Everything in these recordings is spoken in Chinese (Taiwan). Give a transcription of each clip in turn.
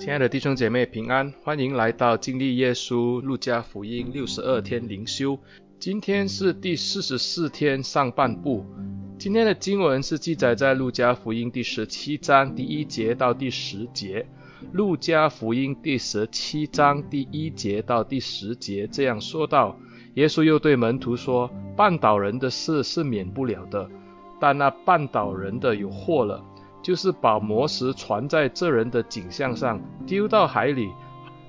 親愛的弟兄姐妹平安，歡迎來到經歷耶穌路加福音六十二天靈修。今天是第四十四天上半部。今天的經文是記載在路加福音第十七章第一節到第十節。路加福音第十七章第一節到第十節這樣說道：耶穌又對門徒說：“絆倒人的事是免不了的，但那絆倒人的有禍了。”就是把磨石拴在這人的頸項上，丟到海裡，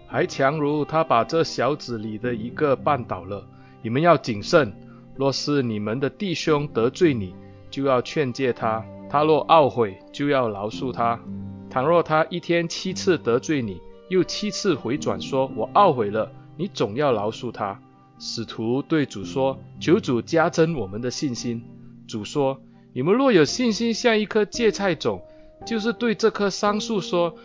還強如他把這小子裡的一個絆倒了。你們要謹慎，若是你們的弟兄得罪你，就要勸誡他；他若懊悔，就要饒恕他。倘若他一天七次得罪你，又七次回轉說“我懊悔了”，你總要饒恕他。使徒對主說：“求主加增我們的信心。”主說：“你們若有信心，像一顆芥菜種。”就是對這棵桑樹說：“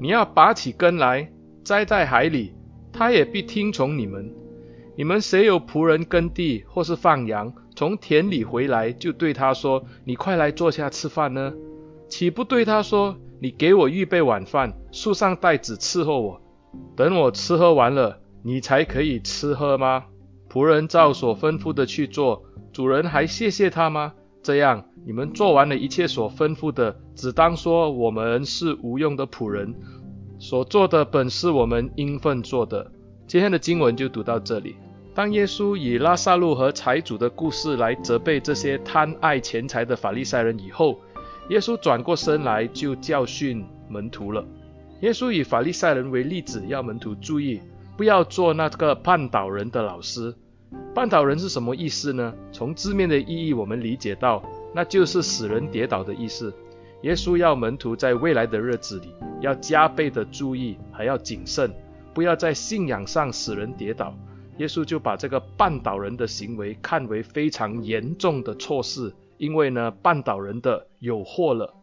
你要拔起根來栽在海裡，它也必聽從你們。你們誰有僕人耕地或是放羊，從田裡回來就對他說：‘你快來坐下吃飯呢。’豈不對他說：‘你給我預備晚飯，束上帶子伺候我，等我吃喝完了，你才可以吃喝嗎？’僕人照所吩咐的去做，主人還謝謝他嗎？”這樣，你們做完了一切所吩咐的，只當說：我們是無用的僕人，所做的本是我們應分做的。今天的經文就讀到這裡。當耶穌以拉撒路和財主的故事來責備這些貪愛錢財的法利賽人以後，耶穌轉過身來就教訓門徒了。耶穌以法利賽人為例子，要門徒注意，不要做那個絆倒人的老師。絆倒人是什麼意思呢？從字面的意義，我們理解到，那就是使人跌倒的意思。耶穌要門徒在未來的日子裡，要加倍的注意，還要謹慎，不要在信仰上使人跌倒。耶穌就把這個絆倒人的行為看為非常嚴重的錯事，因為呢，絆倒人的有禍了。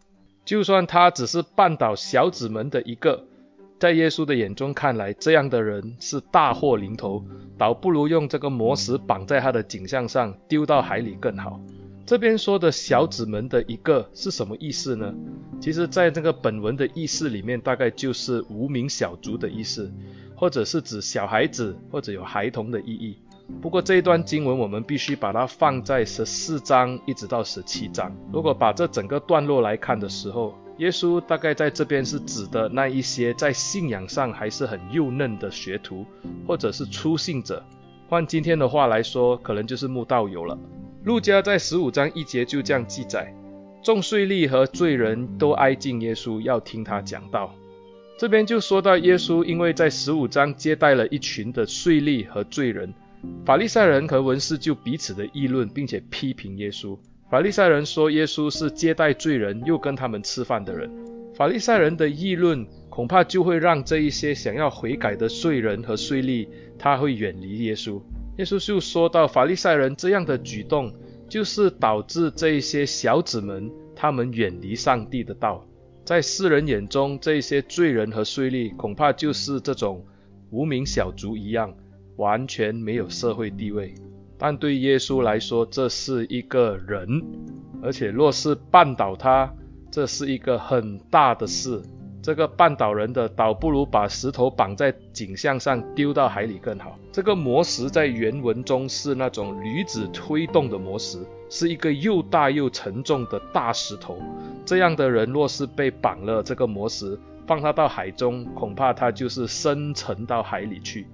就算他只是絆倒小子們的一個。在耶穌的眼中看來，這樣的人是大禍臨頭，倒不如用這個磨石綁在他的頸項上，丟到海裡更好。這邊說的小子們的一個是什麼意思呢？其實，在這個本文的意思裡面，大概就是無名小卒的意思，或者是指小孩子，或者有孩童的意義。不過這一段經文我們必須把它放在十四章一直到十七章，如果把這整個段落來看的時候。耶穌大概在這邊是指的那一些在信仰上還是很幼嫩的學徒，或者是初信者。換今天的話來說，可能就是慕道友了。路加在十五章一節就這樣記載：眾稅吏和罪人都挨近耶穌，要聽他講道。這邊就說到耶穌，因為在十五章接待了一群的稅吏和罪人，法利賽人和文士就彼此的議論，並且批評耶穌。法利賽人說，耶穌是接待罪人又跟他們吃飯的人。法利賽人的議論，恐怕就會讓這一些想要悔改的罪人和稅吏，他會遠離耶穌。耶穌就說到，法利賽人這樣的舉動，就是導致這一些小子們，他們遠離上帝的道。在世人眼中，這一些罪人和稅吏，恐怕就是這種無名小卒一樣，完全沒有社會地位。但對耶穌來說，這是一個人，而且若是絆倒他，這是一個很大的事。這個絆倒人的倒不如把石頭綁在頸項上丟到海裡更好。這個磨石在原文中是那種驢子推動的磨石，是一個又大又沉重的大石頭。這樣的人若是被綁了這個磨石，放他到海中，恐怕他就是深沉到海裡去。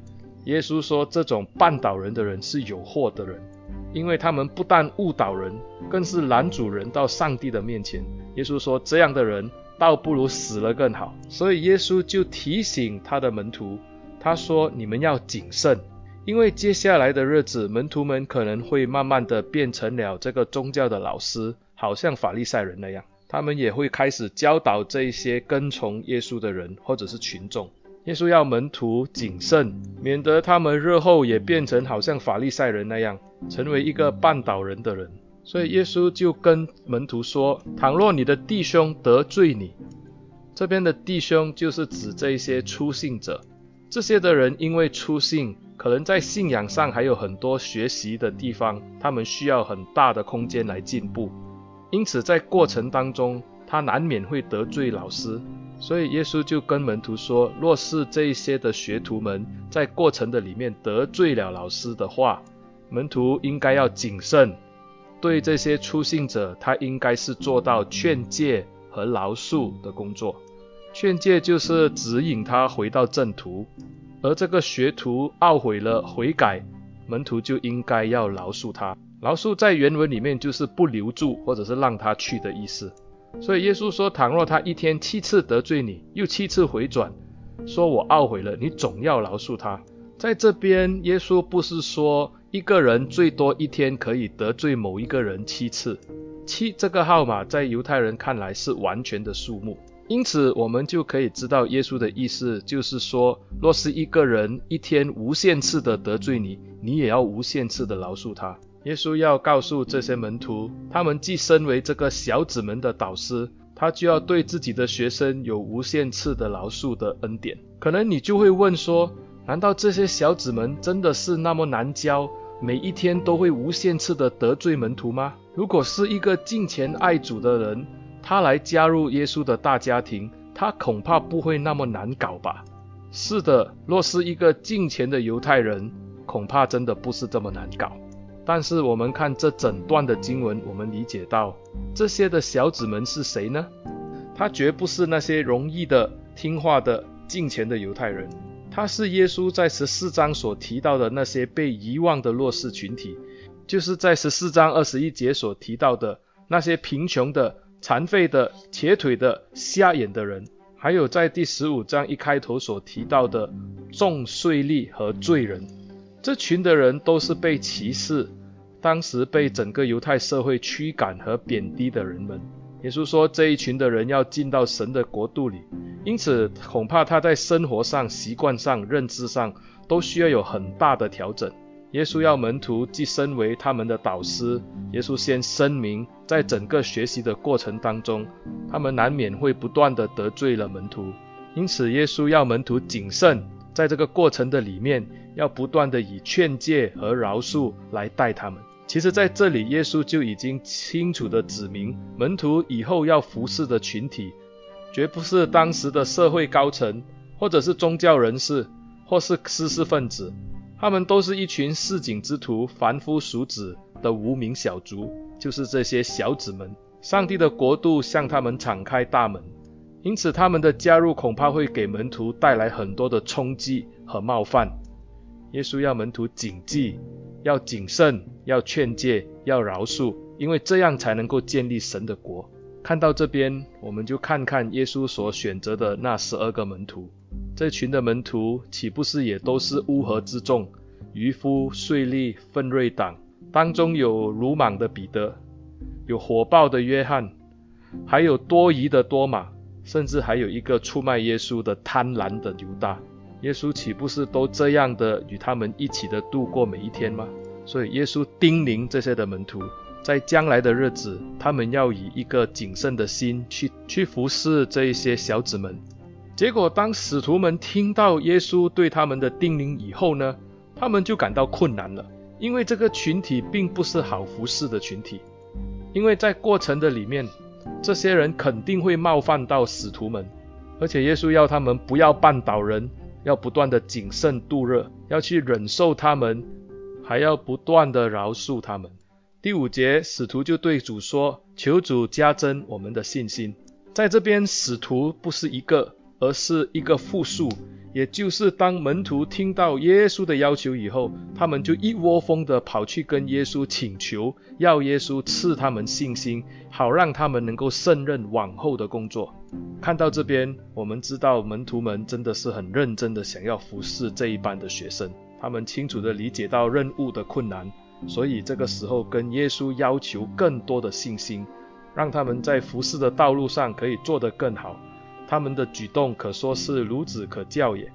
耶穌說：“這種絆倒人的人是有禍的人，因為他們不但誤導人，更是攔阻人到上帝的面前。”耶穌說：“這樣的人倒不如死了更好。”所以耶穌就提醒他的門徒，他說：“你們要謹慎，因為接下來的日子，門徒們可能會慢慢的變成了這個宗教的老師，好像法利賽人那樣，他們也會開始教導這一些跟從耶穌的人或者是群眾。”耶穌要門徒謹慎，免得他們日後也變成好像法利賽人那樣，成為一個絆倒人的人。所以耶穌就跟門徒說：“倘若你的弟兄得罪你，這邊的弟兄就是指這些初信者，這些的人因為初信，可能在信仰上還有很多學習的地方，他們需要很大的空間來進步。因此在過程當中，他難免會得罪老師。”所以耶穌就跟門徒說，若是這些的學徒們在過程的裡面得罪了老師的話，門徒應該要謹慎，對這些初信者，他應該是做到勸誡和饒恕的工作。勸誡就是指引他回到正途，而這個學徒懊悔了悔改，門徒就應該要饒恕他。饒恕在原文裡面就是不留住或者是讓他去的意思。所以耶穌說，倘若他一天七次得罪你，又七次回轉，說我懊悔了，你總要饒恕他。在這邊，耶穌不是說一個人最多一天可以得罪某一個人七次，七這個號碼在猶太人看來是完全的數目。因此，我們就可以知道耶穌的意思，就是說，若是一個人一天無限次的得罪你，你也要無限次的饒恕他。耶穌要告訴這些門徒，他們既身為這個小子們的導師，他就要對自己的學生有無限次的饒恕的恩典。可能你就會問說，難道這些小子們真的是那麼難教，每一天都會無限次的得罪門徒嗎？如果是一個敬虔愛主的人，他來加入耶穌的大家庭，他恐怕不會那麼難搞吧？是的，若是一個敬虔的猶太人，恐怕真的不是這麼難搞。但是我們看這整段的經文，我們理解到這些的小子們是誰呢？他絕不是那些容易的、聽話的、敬虔的猶太人，他是耶穌在十四章所提到的那些被遺忘的弱勢群體，就是在十四章二十一節所提到的那些貧窮的、殘廢的、瘸腿的、瞎眼的人，還有在第十五章一開頭所提到的眾稅吏和罪人。這群的人都是被歧視。當時被整個猶太社會驅趕和貶低的人們，耶穌說這一群的人要進到神的國度裡，因此恐怕他在生活上、習慣上、認知上都需要有很大的調整。耶穌要門徒既身為他們的導師，耶穌先聲明，在整個學習的過程當中，他們難免會不斷地得罪了門徒，因此耶穌要門徒謹慎，在這個過程的裡面。要不斷地以勸誡和饒恕來待他們。其實，在這裡，耶穌就已經清楚地指明，門徒以後要服侍的群體，絕不是當時的社會高層，或者是宗教人士，或是知識分子，他們都是一群市井之徒、凡夫俗子的無名小卒。就是這些小子們，上帝的國度向他們敞開大門，因此他們的加入恐怕會給門徒帶來很多的衝擊和冒犯。耶穌要門徒謹記，要謹慎，要勸誡，要饒恕，因為這樣才能夠建立神的國。看到這邊，我們就看看耶穌所選擇的那十二個門徒，這群的門徒豈不是也都是烏合之眾？漁夫、稅吏、奮銳黨當中有魯莽的彼得，有火爆的約翰，還有多疑的多馬，甚至還有一個出賣耶穌的貪婪的猶大。耶穌豈不是都這樣的與他們一起的度過每一天嗎？所以耶穌叮嚀這些的門徒，在將來的日子，他們要以一個謹慎的心去去服侍這一些小子們。結果當使徒們聽到耶穌對他們的叮嚀以後呢，他們就感到困難了，因為這個群體並不是好服侍的群體，因為在過程的裡面，這些人肯定會冒犯到使徒們，而且耶穌要他們不要絆倒人。要不斷的謹慎度日，要去忍受他們，還要不斷的饒恕他們。第五節，使徒就對主說：“求主加增我們的信心。”在這邊，使徒不是一個，而是一個複數。也就是當門徒聽到耶穌的要求以後，他們就一窩蜂的跑去跟耶穌請求，要耶穌賜他們信心，好讓他們能夠勝任往後的工作。看到這邊，我們知道門徒們真的是很認真的想要服侍這一班的學生，他們清楚地理解到任務的困難，所以這個時候跟耶穌要求更多的信心，讓他們在服侍的道路上可以做得更好。他們的舉動可說是孺子可教也，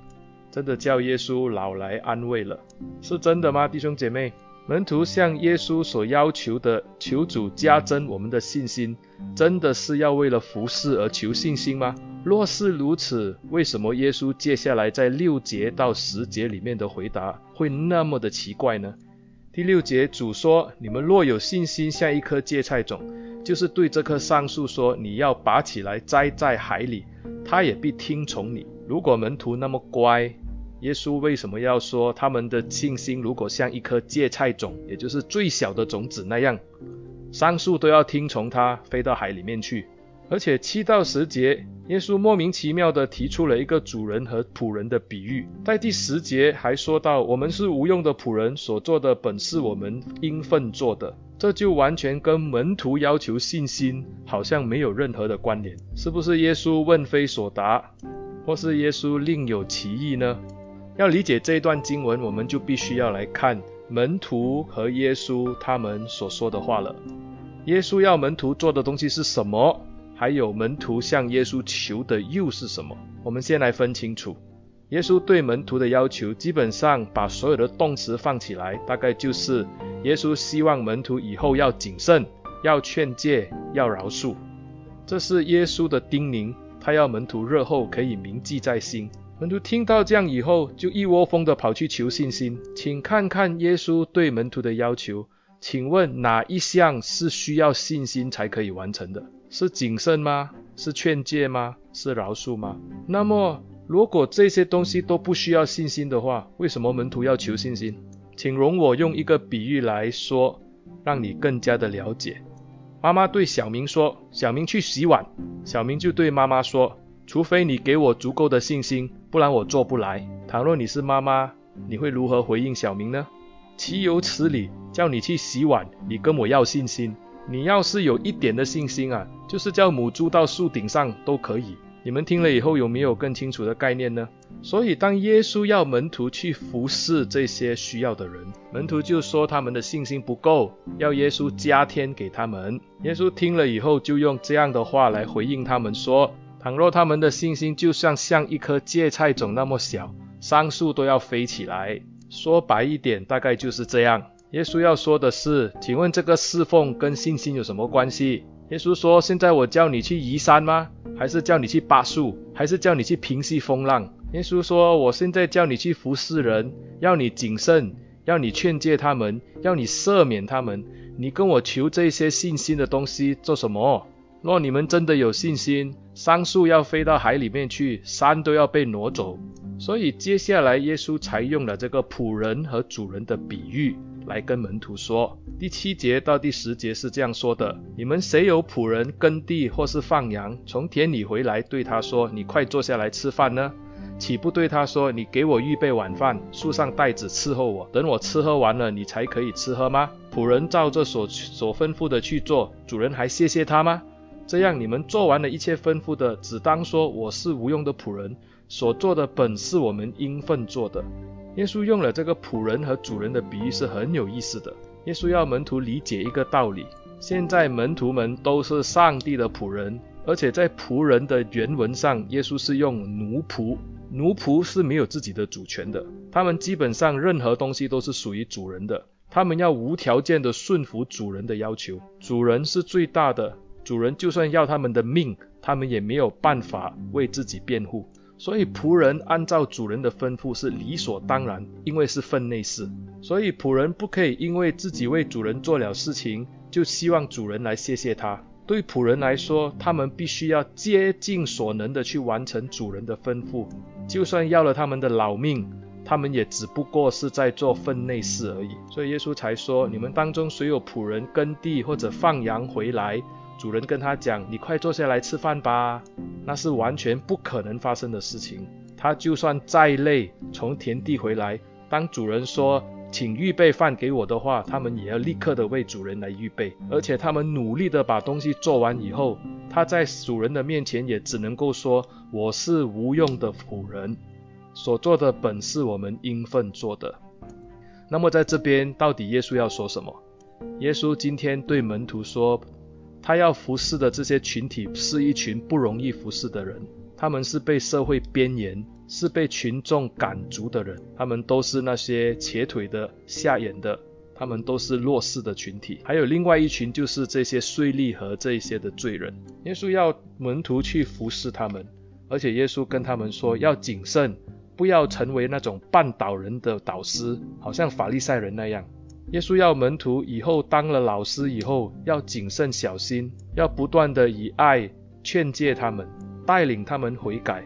真的叫耶穌老來安慰了。是真的嗎，弟兄姐妹？門徒向耶穌所要求的，求主加增我們的信心，真的是要為了服事而求信心嗎？若是如此，為什麼耶穌接下來在六節到十節裡面的回答會那麼的奇怪呢？第六節，主說：“你們若有信心，像一顆芥菜種，就是對這棵桑樹說，你要拔起來栽在海裡，它也必聽從你。”如果門徒那麼乖，耶穌為什麼要說他們的信心如果像一顆芥菜種，也就是最小的種子那樣，桑樹都要聽從它，飛到海裡面去？而且七到十節，耶穌莫名其妙地提出了一個主人和僕人的比喻。在第十節還說到：“我們是無用的僕人，所做的本是我們應分做的。”這就完全跟門徒要求信心好像沒有任何的關聯，是不是？耶穌問非所答，或是耶穌另有其意呢？要理解這一段經文，我們就必須要來看門徒和耶穌他們所說的話了。耶穌要門徒做的東西是什麼？還有門徒向耶穌求的又是什麼？我們先來分清楚。耶穌對門徒的要求，基本上把所有的動詞放起來，大概就是耶穌希望門徒以後要謹慎、要勸戒、要饒恕，這是耶穌的叮嚀，他要門徒日後可以銘記在心。門徒聽到這樣以後，就一窩蜂地跑去求信心。請看看耶穌對門徒的要求，請問哪一項是需要信心才可以完成的？是謹慎嗎？是勸誡嗎？是饒恕嗎？那麼如果這些東西都不需要信心的話，為什麼門徒要求信心？請容我用一個比喻來說，讓你更加的了解。媽媽對小明說：“小明去洗碗。”小明就對媽媽說：“除非你給我足夠的信心，不然我做不來。”倘若你是媽媽，你會如何回應小明呢？豈有此理！叫你去洗碗，你跟我要信心？你要是有一點的信心啊，就是叫母豬到樹頂上都可以。你們聽了以後有沒有更清楚的概念呢？所以當耶穌要門徒去服侍這些需要的人，門徒就說他們的信心不夠，要耶穌加添給他們。耶穌聽了以後就用這樣的話來回應他們說：倘若他們的信心就像像一顆芥菜種那麼小，桑樹都要飛起來。說白一點，大概就是這樣。耶穌要說的是，請問這個侍奉跟信心有什麼關係？耶穌說，現在我叫你去移山嗎？還是叫你去拔樹？還是叫你去平息風浪？耶穌說，我現在叫你去服事人，要你謹慎，要你勸戒他們，要你赦免他們。你跟我求這些信心的東西做什麼？若你們真的有信心。桑樹要飛到海裡面去，山都要被挪走，所以接下來耶穌才用了這個僕人和主人的比喻來跟門徒說。第七節到第十節是這樣說的：你們誰有僕人耕地或是放羊，從田裡回來對他說：“你快坐下來吃飯呢？”豈不對他說：“你給我預備晚飯，束上帶子伺候我，等我吃喝完了，你才可以吃喝嗎？”僕人照着所所吩咐的去做，主人還謝謝他嗎？這樣你們做完了一切吩咐的，只當說，我是無用的僕人，所做的本是我們應份做的。耶穌用了這個僕人和主人的比喻，是很有意思的。耶穌要門徒理解一個道理：現在門徒們都是上帝的僕人，而且在僕人的原文上，耶穌是用奴僕。奴僕是沒有自己的主權的，他們基本上任何東西都是屬於主人的，他們要無條件的順服主人的要求。主人是最大的。主人就算要他們的命，他們也沒有辦法為自己辯護。所以僕人按照主人的吩咐是理所當然，因為是分內事。所以僕人不可以因為自己為主人做了事情，就希望主人來謝謝他。對僕人來說，他們必須要竭盡所能的去完成主人的吩咐，就算要了他們的老命，他們也只不過是在做分內事而已。所以耶穌才說：“你們當中誰有僕人，耕地或者放羊回來？”主人跟他講：“你快坐下來吃飯吧。”那是完全不可能發生的事情。他就算再累，從田地回來，當主人說“請預備飯給我的話”，他們也要立刻的為主人來預備。而且他們努力的把東西做完以後，他在主人的面前也只能夠說：“我是無用的僕人，所做的本是我們應份做的。”那麼在這邊，到底耶穌要說什麼？耶穌今天對門徒說。他要服侍的這些群體是一群不容易服侍的人，他們是被社會邊緣，是被群眾趕逐的人，他們都是那些瘸腿的、瞎眼的，他們都是弱勢的群體。還有另外一群就是這些稅吏和這些的罪人，耶穌要門徒去服侍他們，而且耶穌跟他們說要謹慎，不要成為那種絆倒人的導師，好像法利賽人那樣。耶穌要門徒以後當了老師以後，要謹慎小心，要不斷的以愛勸誡他們，帶領他們悔改。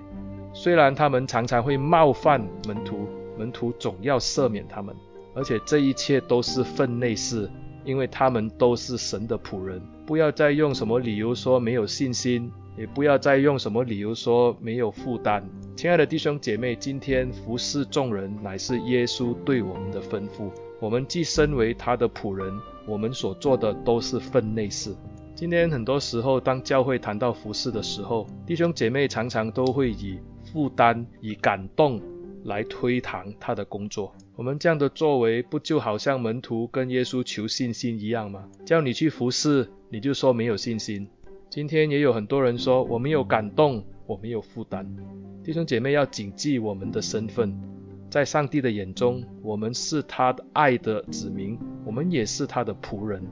雖然他們常常會冒犯門徒，門徒總要赦免他們。而且這一切都是分內事，因為他們都是神的僕人。不要再用什麼理由說沒有信心，也不要再用什麼理由說沒有負擔。親愛的弟兄姐妹，今天服侍眾人乃是耶穌對我們的吩咐。我們既身為他的僕人，我們所做的都是分內事。今天很多時候，當教會談到服事的時候，弟兄姐妹常常都會以負擔、以感動來推搪他的工作。我們這樣的作為，不就好像門徒跟耶穌求信心一樣嗎？叫你去服事，你就說沒有信心。今天也有很多人說我沒有感動，我沒有負擔。弟兄姐妹要謹記我們的身份。在上帝的眼中，我們是他的愛的子民，我們也是他的僕人。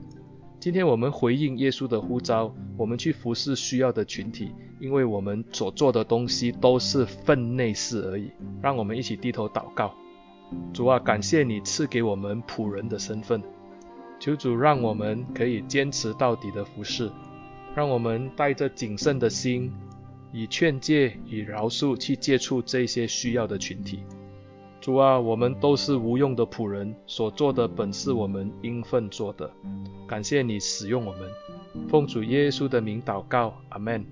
今天我們回應耶穌的呼召，我們去服侍需要的群體，因為我們所做的東西都是分內事而已。讓我們一起低頭禱告：主啊，感謝你賜給我們僕人的身份，求主讓我們可以堅持到底的服侍，讓我們帶着謹慎的心，以勸戒與饒恕去接觸這些需要的群體。主啊，我們都是無用的僕人，所做的本是我們應份做的。感謝你使用我們，奉主耶穌的名禱告，阿門。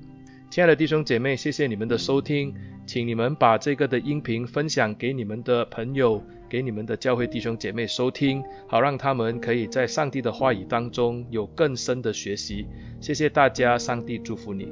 親愛的弟兄姐妹，謝謝你們的收聽，請你們把這個的音頻分享給你們的朋友，給你們的教會弟兄姐妹收聽，好讓他們可以在上帝的話語當中有更深的學習。謝謝大家，上帝祝福你。